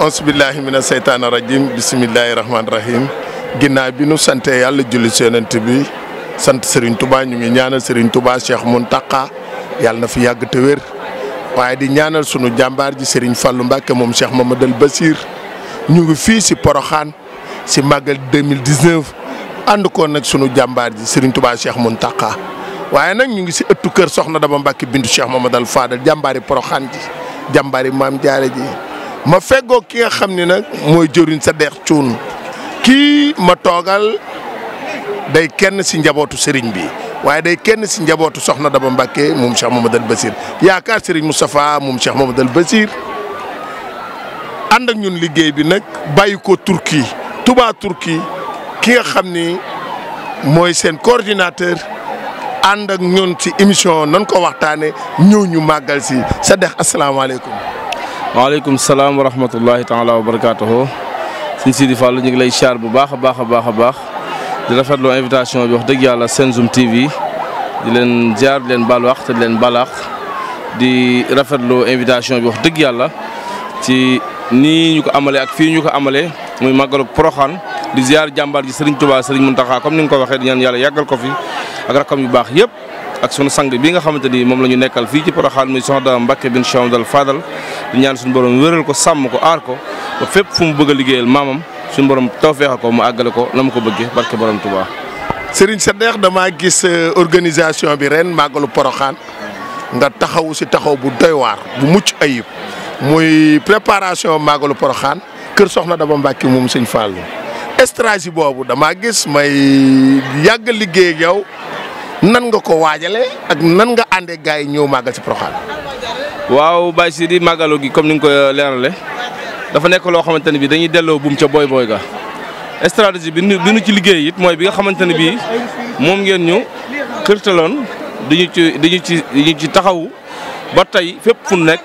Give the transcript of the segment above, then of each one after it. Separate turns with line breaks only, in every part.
أعوذ بالله من الشيطان الرجيم بسم الله الرحمن الرحيم غيناي بي نو سانتي يالا جولي سيونت بي سانت سيرن توبا نيغي نيانال سيرن توبا شيخ منتقى يال نا في ياغ تيوير واي دي نيانال سونو جامبار جي سيرن فالو مباك موم شيخ محمد البصير نيغي في سي بوروخان سي ماغال 2019 اند كون نك سونو جامبار جي سيرن توبا شيخ منتقى واي نك نيغي سي اتو كير سخنا دابا مباك بنت شيخ محمد الفاضل جامباري بوروخان جي جامباري مام جاري جي ma feggoo ki nga xam ni nag mooy jëriñ sa deex cuun kii ma toogal day kenn si njabootu sëriñ bi waaye day kenn si njabootu soxna Daba Mbacké moom Cheikh Mamadou Basir yaakaar sëriñ Moustapha moom Cheikh Mamadou Basir ànd ak ñun liggéey bi nag bàyyi ko Turquie Touba Turquie ki nga xam ni mooy seen coordinateur ànd ak ñun ci émission nan ko waxtaane
ñëw ñu màggal si sa dex asalaamaaleykum وعليكم السلام ورحمة الله تعالى وبركاته سيدي فالو نيغي لاي شار بو باخا باخا باخا باخ دي رافاتلو انفيتاسيون بي واخ دغ يالا سنزوم تي في دي لين جار لين بال واخ تي لين بالاخ دي رافاتلو انفيتاسيون بي واخ دغ يالا تي ني نيوكو امالي اك في نيوكو امالي موي ماغلو بروخان دي زيار جامبار دي سيرن توبا سيرن منتخا كوم نينكو واخا دي نان يالا ياغال كو في اك راكوم يو باخ ييب اك سونو سانغ بيغا خامتاني موم لا نيو نيكال في تي بروخان موي سوندا مباكه بن شاوندال فادال di ñaan suñu borom wéral ko sàmm ko aar ko ba fépp fu mu bëgg a liggéeyal maamam suñu borom tawfeexal ko mu àggale ko na mu ko bëggee barke borom Touba.
Serigne Sadekh damaa gis euh, organisation bi ren màggalu Poroxaan nga taxawu si taxaw bu doy waar bu mucc ayib muy préparation màggalu Poroxaan kër soxna Daba Mbacke mu sëñ Fallou stratégie boobu damaa gis may yàgg liggéey ak yow nan nga ko waajale ak nan nga àndee gars yi ñëw
màggal si Poroxaan. waaw Baye Sidi màggalu gi comme ni nga ko euh, leerale dafa nekk loo xamante ne bi dañuy delloo buum ca booy booy ga stratégie bi bi nu ci liggéey it mooy bi nga xamante ne bii moom ngeen ñu xërtaloon diñu ci diñu ci diñu ci taxaw ba tey fépp fu nekk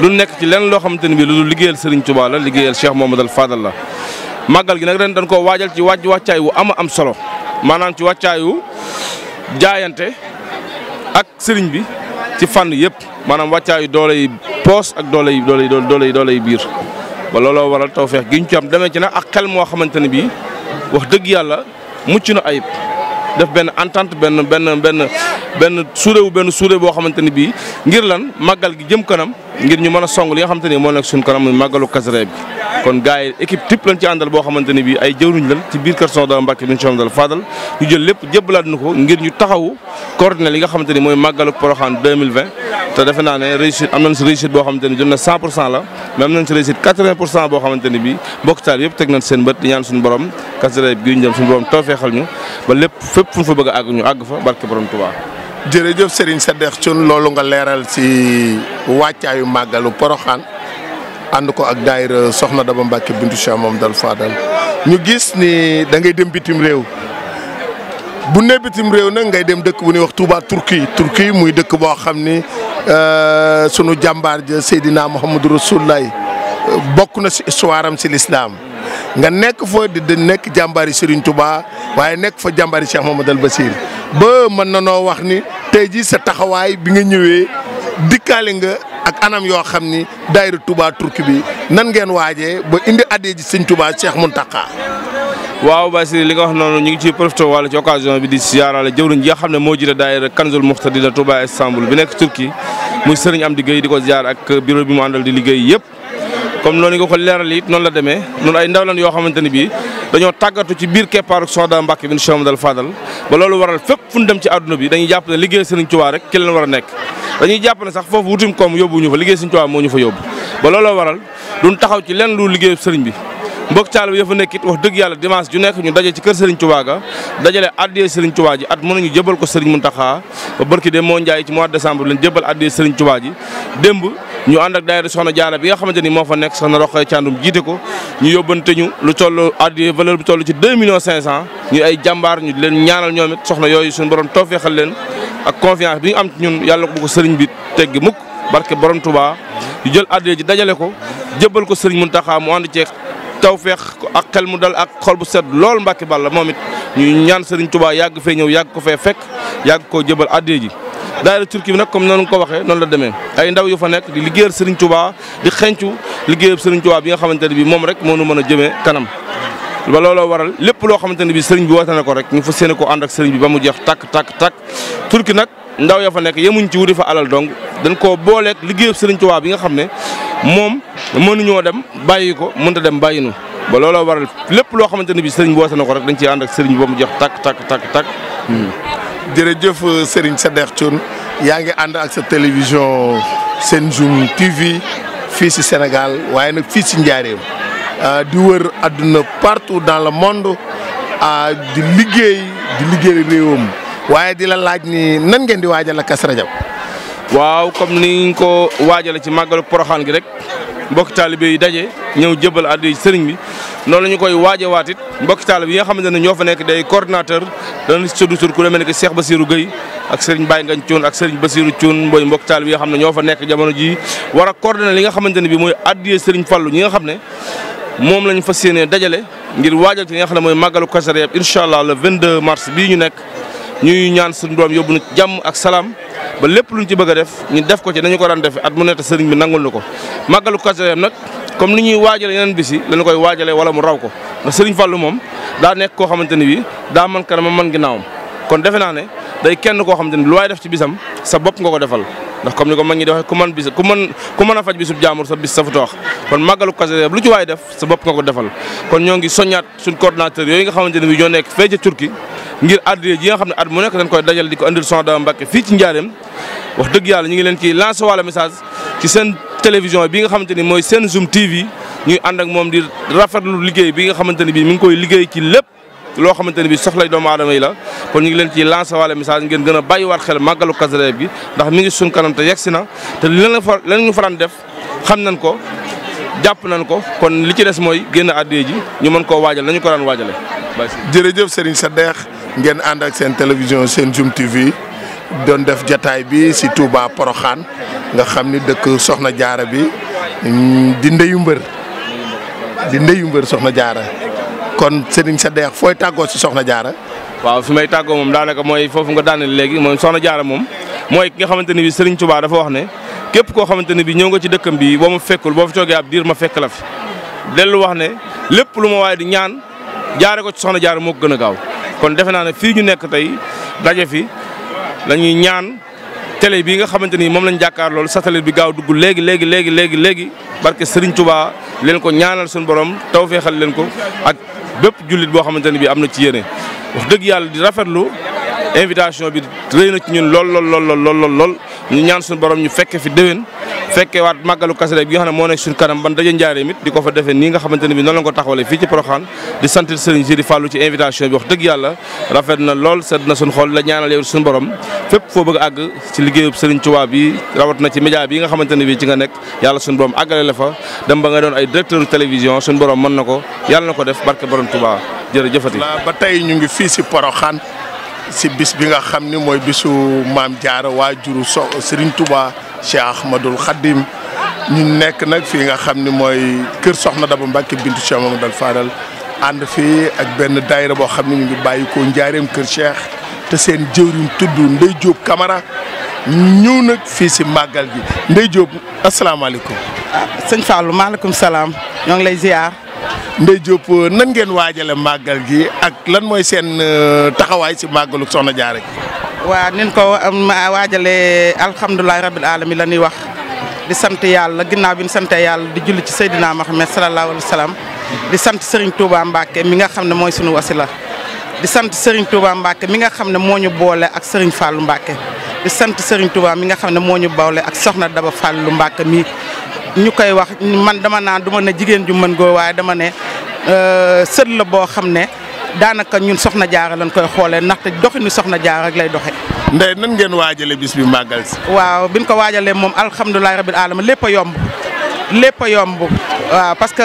du nekk ci lenn loo xamante ne bii lu liggéeyal Serigne Touba la liggéeyal Cheikh Mouhamadou Fadal la màggal gi nag ren dañ koo waajal ci wàcc wàccaay wu am am solo maanaam ci wàccaayu jaayante ak sëriñ bi ci fànn yëpp maanaam wàccaayu doole yi poos ak doole yi doole yi doole yi doole yi biir ba looloo waral tawfeex gi ñu ci am demee ci nag ak xel moo xamante ne bii wax dëgg yàlla mucc na ayib def benn entente benn benn benn benn suuré wu benn suuré boo xamante ni bii ngir lan màggal gi jëm kanam ngir ñu mën a song li nga xamante ni moo nekk suñu kanam màggalu Kazu Rajab bi kon gars yi équipe type lañ ci àndal boo xamante ni bii ay jëwriñ lan ci biir kër Soxna Dala Mbàkke bi incha Allah faadal ñu jël lépp jébbalaat na ko ngir ñu taxawu coordonné li nga xamante ni mooy màggalu Poroxaan 2020 te defe naa ne réussite am nañ si réussite boo xamante ni jëm na 100 pour cent la mais am nañ si réussite 80 pour cent boo xamante ni bii mbokk teg nañ seen bët di ñaan suñu borom kasara gi ñu jëm suñu borom toofeexal ñu ba lépp fépp fu ñu fa bëgg a àgg ñu àgg fa barke borom Tuubaa.
jërëjëf Serigne Sadekh Thioune loolu nga leeral si wàccaayu màggalu Poroxaan ànd ko ak daayira soxna da ba Mbacke bintu Cheikh moom dal Fadal ñu gis ni da ngay dem bitim réew bu ne bitim réew na ngay dem dëkk bu ñuy wax Touba Turquie Turquie muy dëkk boo xam ni euh, sunu jàmbaar ja Seydina Muhammadu Rasulullah bokk na si histoire am si lislaam nga nekk fa di nekk jàmbaari Serigne Touba waaye nekk fa jàmbaari Cheikh Mamadou Al Bassir ba mën na noo wax ni tey jii sa taxawaay bi nga ñëwee dikkaali nga ak anam yoo xam ni daayira Touba Turquie bi nan ngeen waajee ba indi adee ji Serigne Touba Cheikh Mountakha
waaw Basir li nga wax noonu ñu ngi ciy profité wàll ci occasion bi di siyaarale jëwriñ xam ne moo jiite daayira Kanzul Muqtadi la Touba Istanbul bi nekk Turquie muy sëriñ Amdi Gueye di ko ziar ak bureau bi mu àndal di liggéey yëpp comme noonu nga ko leeral noonu la demee noonu ay ndaw lan yoo xamante ni bii dañoo tàggatu ci biir keppaaru Soxna Mbàkke bin Cheikh Amadou Fadal ba loolu waral fépp fu ñu dem ci àdduna bi dañuy jàpp ne liggéey Sëriñ Tuubaa rek ki leen war a nekk dañuy jàpp ne sax foofu wutum koom fa liggéey Sëriñ Tuubaa moo ñu fa yóbbu ba loolu waral bi mbokk taal bi yëfa nekk wax dëgg yàlla dimanche ju nekk ñu daje ci kër Serigne Touba ga dajale addiyee Serigne Touba ji at mënuñu jébal ko Serigne Mountakha ba barki de moo njaay ci mois de décembre lañ jébal addiyee Serigne Touba ji démb ñu ànd ak daayira soxna jaara bi nga xamante ni moo fa nekk soxna Roxaya Thiandoum jiite ko ñu yóbbante ñu lu toll addiyee valeur bi toll ci 2 millions 500 ñu ay jàmbaar ñu leen ñaanal ñoom it soxna yooyu suñu borom toofeexal leen ak confiance bi ñu ñun yàlla ko ko Serigne bi teggi mukk barke borom Touba ñu jël addiyee ji dajale ko jébal ko Serigne Mountakha mu ànd ceeg tawféex ak xel mu dal ak xol bu set lool Mbàkke Balla moom it ñu ñaan Sëriñ Tuubaa yàgg fee ñëw yàgg ko fee fekk yàgg koo jëbal addiya ji daayira turki bi nag comme noonu nga ko waxee noonu la demee ay ndaw yu fa nekk di liggéeyal Serigne Touba di xencu liggéeyal Serigne Touba bi nga xamante ne bii moom rek moo nu mën a jëmee kanam. ba looloo waral lépp loo xamante ne bii Serigne bi woote na ko rek ñu fas yéene ko ànd ak bi ba mu jeex tàkk tàkk tàkk turki nag. ndaw ya fa nek yemuñ ci wuri fa alal dong dañ koo booleeg liggéeyub Serigne Touba bi nga xamné mom mënu ñoo dem bayiko mënta dem bayinu nu ba lolo waral lepp lo xamanteni bi Serigne woose na ko rek dañ ci and ak hmm. euh, Serigne bamu jox tak tak tak tak takk. jeuf Serigne Sadekh yaangi and ak sa
télévision Senzoom TV fi Senegal, Sénégal waaye nag fii si Njaareem euh, di wër aduna partout dans le monde euh, di liggéey di liggéey réewum waaye di la laaj ni nan ngeen di waajal Kazu Rajab
waaw comme ni ko waajale ci màggalu Poroxaan gi rek mbokki taalibe yi daje ñëw jëbal addi sëriñ bi noonu la ñu koy waaje waatit mbokki taalibe yi nga xamante ne ñoo fa nekk dey coordinateur dana si sëddu tur ku demee ne que ba Basirou Gueye ak sëriñ Baye Ngagne Thioune ak sëriñ Basirou Thioune mbooy mbokki taalibe yi nga xam ne ñoo fa nekk jamono ji war a li nga xamante ne bi mooy addiyee sëriñ Fallou ñi nga xam ne moom lañ fa yéenee dajale ngir waaja ci li nga mooy màggalu Kazu Rajab incha allah le de mars bii ñu nek ñuy ñaan suñu doom yóbbu na jàmm ak salaam ba lépp luñ ci bëgg a def ñu def ko ci nañu ko daan defee at mu nekk sëriñ bi nangul ñu ko màggalu Kazu Rajab nag comme ni ñuy waajale yeneen bis yi lañu koy waajalee wala mu raw ko ndax sëriñ Fallou moom daa nekk koo xamante ni bi daa man kanam man ginnaawam kon defe naa ne day kenn koo xamante ni lu waay def ci bisam sa bopp nga ko defal ndax comme ni ko mag ñi di waxee ku mën bis ku ku a faj bisub jaamur sa bis sa fa toox kon màggalu Kazu Rajab lu ci sa bopp nga ko defal kon ñoo ngi soññaat suñ coordonnateur yooyu nga xamante ne bi ñoo nekk fee ngir addiya ji nga xam ne at mu ne dañ koy dajal di ko andil Soxna Daba fii ci Njaareem wax dëgg yàlla ñu ngi leen ci lancer walla message ci seen télévision bi nga xamante ni mooy seen Zoom TV ñuy ànd ak moom di rafetlu liggéey bi nga xamante ni bii mi ngi koy liggéey ci lépp loo xamante bi bii soxlay doomu aadama yi la kon ñu ngi leen ci lancer walla message ngeen gën a bàyyiwaat xel màggalu Kazu Rajab gi ndax mi ngi suñ kanam te yegsi na te lan la fa faran def xam nañ ko jàpp nañ ko kon li ci des mooy génn àddee ji ñu mën koo waajal nañu ko daan waajale jërëjëf sa Sadekh
ngeen ànd ak seen télévision seen Zoom TV doon def jataay bi si Touba poroxaan nga xam ni dëkk Soxna Jaara bi di ndeyu mbër di
ndeyu mbër Soxna Jaara
kon Serigne deex fooy tàggoo si Soxna Jaara
waaw fi may tàggoo moom daanaka mooy foofu nga daaneel léegi moom Soxna Jaara moom mooy ki nga xamante ni bi Serigne Touba dafa wax ne képp koo xamante ne bi ñëw nga ci dëkkam bi boo ma fekkul boo fi toogee ab diir ma fekk la fi dellu wax ne lépp lu ma waaye di ñaan jaare ko ci soxna jaare moo gën a gaaw kon defe naa ne fii ñu nekk tey daje fi lañuy ñaan tele bii nga xamante ni moom lañ jàkkaar loolu satellite bi gaaw dugg léegi léegi léegi léegi léegi barke Serigne Touba leen ko ñaanal suñu borom tawféexal leen ko ak bépp jullit boo xamante ne bi am na ci yéene wax dëgg yàlla di rafetlu invitation bi rëy na ci ñun lool lool lool lool lool ñu ñaan suñu borom ñu fekke fi déwén fekkee waat màggalu Kazu Rajab nga xam ne moo nekk suñu kanam ban daje njaareem it di ko fa defee nii nga xamante ne di sant ci invitation bi wax dëgg yàlla rafet na lool sedd na suñu xol la ñaanal yow suñu borom fépp foo bëgg àgg ci liggéeyub Serigne Touba bi rawat na ci média bi nga xamante bi ci nga nekk yàlla suñu borom àggale fa dem nga doon ay directeur télévision suñu borom mën na ko yàlla na ko def barke
si bis bi nga xam ni mooy bisu maam jaara waajuru so Serigne Touba Cheikh Ahmadul Khadim ñu nekk nag fii nga xam ni mooy kër Soxna Daba Mbacke bintu Cheikh Mamadou Fadal ànd fii ak benn daayira boo xam ne ñu ngi bàyyi ko njaareem kër Cheikh te seen jëwriñ tudd Ndey Jóob kamara ñëw nag fii si màggal gi Ndey Jóob asalaamaaleykum. ah sëñ Fallou maaleykum salaam ñoo ngi lay ziar. Ndeye Diop nan ngeen waajale màggal gi ak lan mooy seen euh,
taxawaay si màggalu soxna Jaara gi. waaw nin ko um, waajalee alhamdulilah rabil alamin la ñuy wax di sant yàlla ginnaaw bi ñu sant yàlla di julli ci Seydina ma salallaahu alayhi wa salaam di sant Serigne Touba Mbacke mi nga xam ne mooy sunu wasila di sant Serigne Touba Mbacke mi nga xam ne moo ñu boole ak Serigne Fallou Mbacke. di sant Serigne Touba mi nga xam ne moo ñu bawle ak soxna Daba Fallou Mbacke mi ñu koy wax man dama naan du ma ne jigéen ju mën goo waaye dama ne euh, sët la boo xam ne daanaka ñun soxna jaara lañ koy xoolee ndaxte doxinu soxna jaara rek lay doxe ndey nan
ngeen waajalee bis bi màggal si.
waaw bi ko waajalee moom alhamdulilah rabil alama lépp a yomb lépp yomb waaw parce que.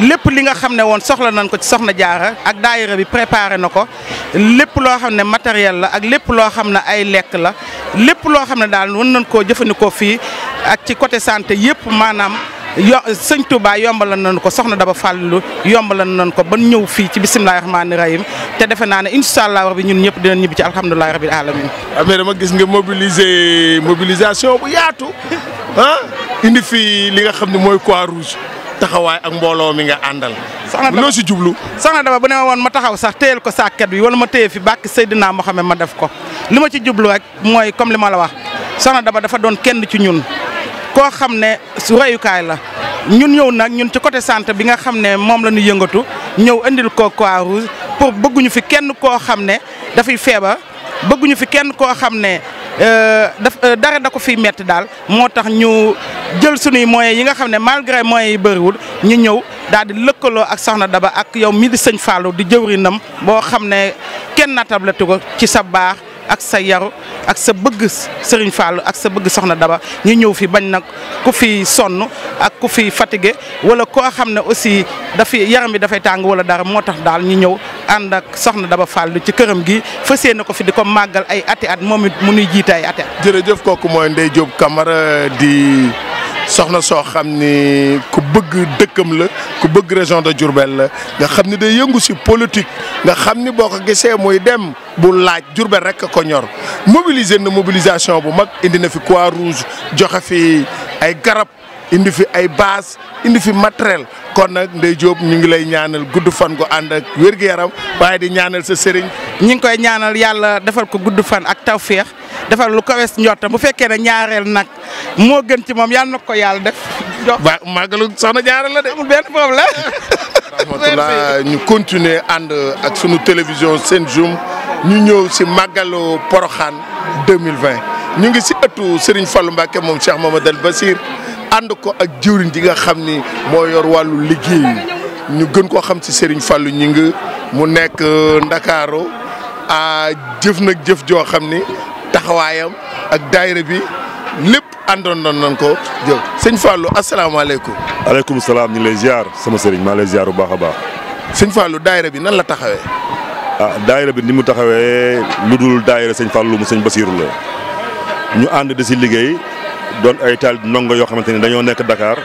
lépp li nga xam ne woon soxla nañ ko ci soxna jaara ak daayira bi préparé na ko lépp loo xam ne matériel la ak lépp loo xam ne ay lekk la lépp loo xam ne daal mën nañ koo jëfandikoo fii ak ci côté santé yépp maanaam yo sëñ Touba yombalal nañ ko soxna Daba Fallou yombalal nañ ko ba ñëw fii ci bisimilah rahmaani rahim te defe naa ne incha allah rabi ñun ñëpp dinañ ñibbi ci alhamdulilah rabil alamin
amee ah, dama gis nga mobiliser mobilisation bu yaatu ah, indi fii li nga xam ne mooy croix rouge. taxawaay ak mbooloo mi nga àndal.
loo si jublu. soxna Daba bu ne woon ma taxaw sax téyel ko sàkket bi wala ma téye fi bàkk Seydina Mohamed ma def ko li ma ci jublu rek mooy kom li ma la wax soxna Daba dafa doon kenn ci ñun koo xam ne royukaay la. ñun ñëw nag ñun ci côté santé bi nga xam ne moom la ñu yëngatu ñëw indil ko ko rouge pour bëgguñu fi kenn koo xam ne dafay feebar bëgguñu fi kenn koo xam ne Euh, daf euh, dara da ko fiy metti daal moo tax ñu jël sunuy moyens yi nga xam ne malgré moyens yi bëriwul ñu ñëw daal di lëkkaloo ak saxna Daba ak yow mi di sëñ Fallou di jëwrinam boo xam ne kenn nattablatu ko ci sa baax ak sa yaru ak sa bëgg sëriñ Fallou ak sa bëgg soxna Daba ñu ñëw fi bañ nag ku fi sonn ak ku fi fatigué wala koo xam ne aussi dafay yaram bi dafay tàng wala dara moo tax daal ñu ñëw ànd ak soxna Daba Fall ci këram gi fas yéene ko fi di ko màggal ay ati at moom mu nuy jiite ay ati at.
jërëjëf kooku mooy day Diop kamara di soxna soo xam ni ku bëgg dëkkam la ku bëgg région de Diourbel la nga xam ni day yëngu si politique nga xam ni boo ko gisee muy dem bu laaj Diourbel rek ko ñor mobiliser na mobilisation bu mag indi na fi croix rouge joxe fi ay garab. indi fi ay base indi fi matériel kon
nag Ndeye Diop ñu ngi lay ñaanal gudd fan gu ànd ak wér yaram waaye di ñaanal sa sëriñ. ñu ngi koy ñaanal yàlla defal ko gudd fan ak tawféex defal lu ko wees njottam bu fekkee ne ñaareel nag moo gën ci moom yàlla na ko yàlla def. jox waaw màggalu soxna jaareel la de. mu benn
problème. rahmatullah ñu continuer ànd ak sunu télévision Senzoom ñu ñëw si màggalu Porokhane 2020 ñu ngi si ëttu Serigne Fallou mbake moom Cheikh Mamadou Al Basir. ànd ko ak jëwriñ ji nga xam ni moo yor wàllu liggéey ñu gën koo xam si sëriñ fàllu ñi ngi mu nekk euh, Ndakaaru a jëf nag jëf joo xam ni taxawaayam ak daayira bi
lépp àndoon nañ ko jëf sëñ Fallou asalaamaaleykum. aleykum salaam ñu lay ziar sama sëriñ maa lay ziar bu baax a baax. sëñ Fallou daayira bi nan la taxawee. ah daayira bi ni mu taxawee lu dul daayira sëñ Fallou mu sëñ Basiiru la ñu ànd di si liggéey doon ay taal ndongo yoo xamante ni dañoo nekk dakaar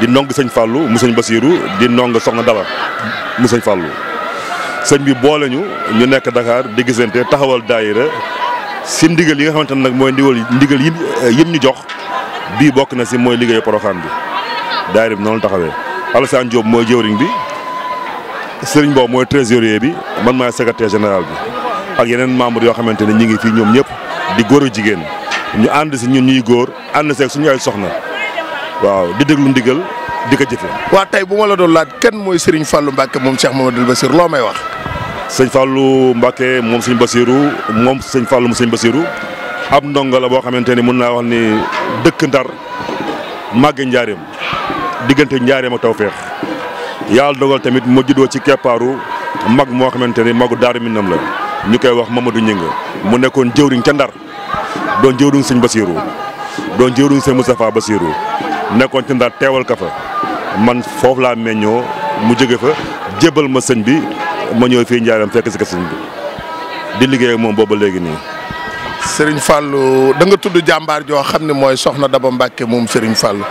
di ndong sëñ Fallou mu sëñ Basiiru di ndongo soxna Daba mu sëñ Fallou sëñ bi boole ñu ñu nekk dakaar di gisante taxawal daayira si ndigal yi nga xamante ne nag mooy ndigal ndigal yi eh, yim ñu jox bii bokk na si mooy liggéeyu Porokhane bi daayira bi noonu taxawee Alassane Diop mooy jëwriñ bi sëriñ boobu mooy trésorier bi man maay secrétaire général bi ak yeneen membre yoo xamante ne ñi ngi fii ñoom ñëpp di góor a jigéen ñu ànd si ñun ñuy góor ànd seeg suñu ay soxna waaw di déglu ndigal di ko jëfe waa tey bu ma la doon laaj kenn mooy Serigne Fallou Mbacke moom Cheikh Mamadou Bassir loo may wax. sëñ Fallou Mbacke moom sëñ Bassirou moom sëñ Fallou mu sëñ Bassirou ab ndongo la boo xamante ni mën naa wax ni dëkk ndar màgge njaareem diggante njaareem ak tawféex dogal tamit ma juddoo ci keppaaru mag moo xamante ni magu daaru Minam la ñu koy wax Mamadou Ñing mu nekkoon jëwriñ ca ndar. doon jëwriñ sëñ Basiiru doon jëwriñ sëñ Moustapha Basiiru nekkoon ci ndax teewal ka fa man foofu laa meññoo mu jóge fa jébal ma sëñ bi ma ñëw fii njaaram fekk si ka sëñ bi di liggéey ak moom booba léegi nii. Serigne Fallou danga tudd jàmbaar
joo xam ne mooy soxna Daba Mbacke moom Serigne Fallou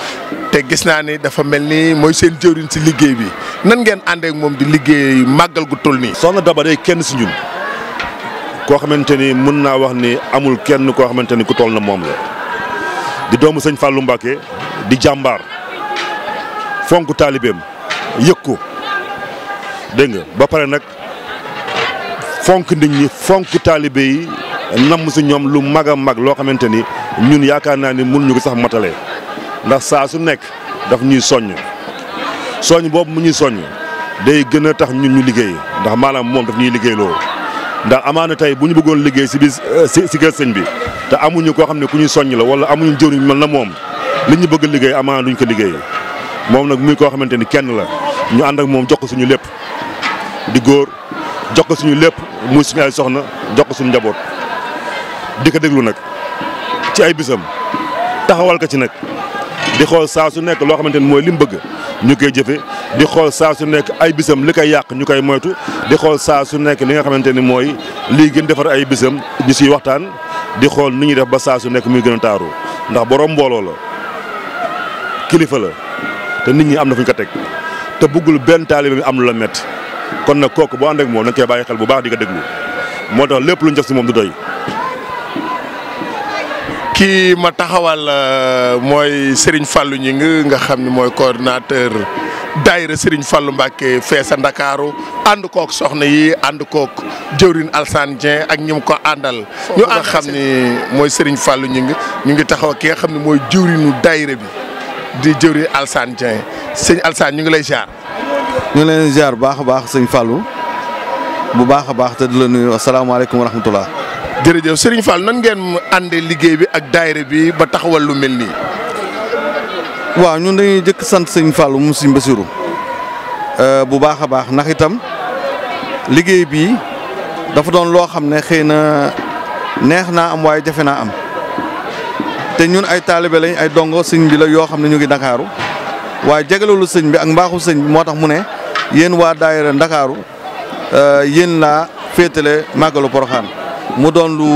te gis naa ni dafa mel ni mooy seen jëwriñ
si liggéey bi nan ngeen àndeek moom di liggéey màggal gu toll nii. soxna Daba day kenn si ñun. koo xamante ni mën naa wax ni amul kenn koo xamante ni ku toll na moom la di doomu sëñ Fallou Mbacké di jàmbaar fonk taalibeem yëg ko dégg nga ba pare nag fonk nit ñi fonk taalibe yi namm si ñoom lu mag a mag loo xamante ni ñun yaakaar naa ni mënuñu ko sax matale ndax saa su nekk daf ñuy soññ soññ boobu mu ñuy soññ day gën a tax ñun ñu liggéey ndax maanaam moom daf ñuy liggéey loolu ndax amaana tey bu ñu bëggoon liggéey si bi euh, si si kër bi te amuñu koo xam ne ku ñuy soññ la wala amuñu jëriñ mel na moom li ñu bëgg a liggéey amaana duñ ko liggéey moom nag muy koo xamante ni kenn la ñu ànd ak moom jox suñu lépp di góor jox suñu lépp muy suñu ay soxna jox ko suñu njaboot di ko déglu nag ci ay bisam taxawal ko ci nag di xool saa su nekk loo xamante ni mooy li bëgg ñu koy jëfe di xool saa su nekk ay bisam li koy yàq ñu koy moytu di xool saa su nekk li nga xamante ni mooy lii gën defar ay bisam ñu si waxtaan di xool ni ñuy def ba saa su nekk muy gën taaru ndax boroom mbooloo la kilifa la te nit ñi am na fu ñu ko teg te bëggul benn taalibe bi am lu la métti kon nag kooku boo àndeek moom da nga koy bàyyi xel bu baax di ko déglu moo tax lépp lu ñu def si moom du doy. kii ma
taxawal euh, mooy Serigne Fallou Gningue nga xam ni mooy coordinateur. daayira Serigne Fallou Mbacke fee sa Ndakaaru ànd kook soxna yi ànd kook jëwrin Alsane Dieng ak ñi mu ko àndal. ñu ànd xam ni mooy Serigne Fallou ñu ngi ñu ngi taxaw ki nga xam ne mooy jëwrinu daayira bi di jëwrin Alsane Dieng sëñ Alsane ñu ngi lay
ziar. ñu ngi leen ziar baax a baax sëñ fallu bu baax a baax te di la nuyu asalaamaaleykum wa rahmatullah jërëjëf Serigne Fall nan ngeen àndee liggéey bi ak daayira bi ba taxawal lu mel nii. waaw ñun dañuy jëkk sant sëñ Fallou moom sëñ Bassirou euh, bu baax a baax ndax itam liggéey bii dafa doon loo xam ne xëy na neex naa am waaye jafe naa am te ñun ay taalibe lañ ay dongo sëñ bi la yoo xam ne ñu ngi Ndakaaru waaye jegeleelu sëñ bi ak mbaaxu sëñ bi moo tax mu ne yéen waa daayira Ndakaaru euh, yéen laa féetale màggalu Poroxaan mu doon lu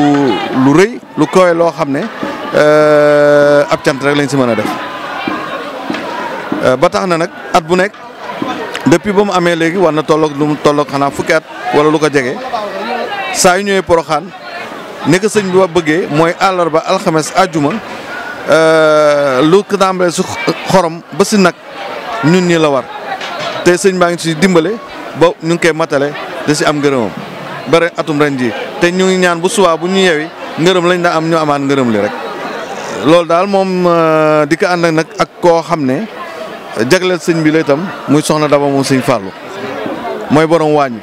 lu rëy lu kowe loo xam ne euh, ab cant rek lañ si mën a def Eh, ba tax na nak at bu nek depuis ba amé légui léegi war na tolloog lu tolok xana fukkat wala lu ko jege saa yu ñëwee né ko sëñ bi ba bëggee mooy àllarba alxames euh lu ko tàmbalee su xorom ba si nak ñun ñi la war te sëñ ba ngi si dimbalé ba ñu ngi koy matale da si am gëreum bare atum ren ji te ñu ngi ñaan bu suwa bu ñu yewi ngeureum lañ da am ñu amaan ngeureum li rek lool dal mom eh, dika ko ànd ak ko jagleel sëñ bi la itam muy soxna Daba moom sëñ Fallou mooy borom waañ mi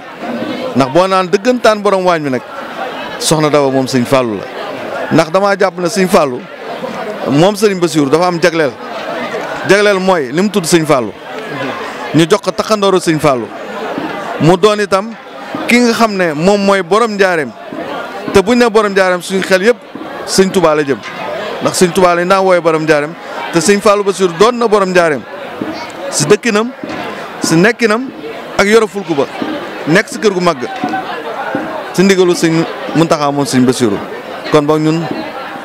ndax boo naan dëggantaan borom waañ mi nag soxna Daba moom sëñ Fallou la ndax damaa jàpp ne sëñ Fallou moom sëriñ Bassirou dafa am jagleel jagleel mooy li mu tudd sëñ Fallou ñu jox ko taxandooru sëñ Fallou mu doon itam ki nga xam ne moom mooy borom njaareem te buñ ne borom njaareem suñu xel yëpp sëñ Touba la jëm ndax sëñ Touba lañ daan wooye borom njaareem te sëñ Fallou Bassirou doon na borom njaareem. si dëkkinam si nekkinam ak yore fulku ba nekk si kër gu màgg si ndigalu sëñ Muntaxa moom sëñ Basiru kon boog ñun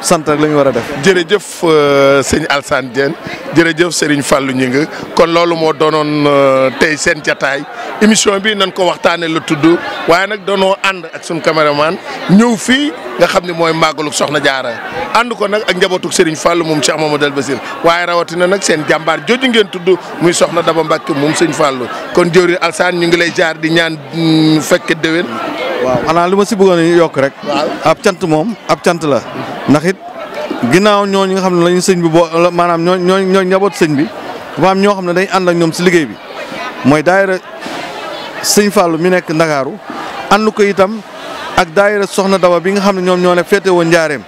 sant rek la ñu war a def. jërëjëf
euh, sëñ Alsane Dieng jërëjëf Serigne fallu Gningue kon loolu mo donon euh, tay seen jataay émission bi nañ ko waxtane la tuddu waye nak dono and ak sun cameraman ñew fi nga xamni moy magalu Soxna Jaara and ko nak ak njabootu Serigne fallu mum Cheikh Mamadou Al Basir rawati na nak seen jambar jooju ngeen tuddu muy Soxna Daba Mbacke mum sëñ
fallu kon jëwriñ alsan ñu ngi lay jaar di ñaan mm, fekk déwén. waaw xanaa luma ci si bëggoon rek. ab tiant mom ab tiant la. ndax it ginnaaw ñi nga xam ne lañu sëñ bi boo maanaam ñoo ñooñu njaboot sëñ bi dafa ñoo xam ne dañ ànd ak ñoom si liggéey bi mooy daayira sëñ Fallou mi nekk Ndakaaru ànd ko itam ak daayira soxna Daba bi nga xam ne ñoom ñoo ne féete woon njaareem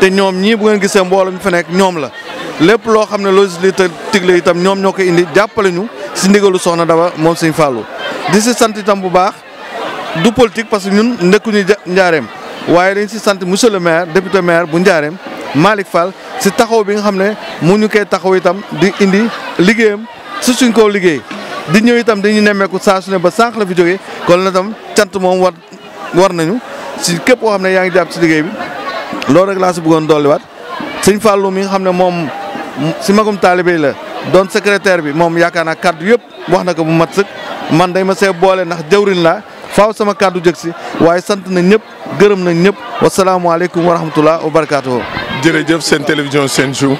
te ñoom ñii bu ngeen gisee mbooloo mi fa nekk ñoom la lépp loo xam ne logistique la itam ñoom ñoo ko indi jàppale ñu si ndigalu soxna Daba moom sëñ Fallou di si sant itam bu baax du politique parce que ñun nekkuñu njaareem waaye dañ si sant monsieur le maire député maire bu Ndiarème Malick Fall si taxaw bi nga xam ne mu ñu koy taxaw itam di indi liggéeyam su suñ koo liggéey di ñëw itam ñu nemmeeku saa su ne ba sànq la fi jóge kon la tam cant moom war war nañu si képp koo xam ne yaa ngi jàpp si liggéey bi loolu rek laa si bëggoon dolliwaat sëñ Fallou mi nga xam ne moom si magum taalibe la doon secrétaire bi moom yaakaar naa kàddu yëpp wax na ko bu mat sëkk man day ma see boole ndax jawrin laa faaw sama kàddu jëg si waaye sant na ñëpp gërëm na ñëpp wasalaamualeykum wa rahmatullah wa barakaatu. jërëjëf seen télévision seen jour.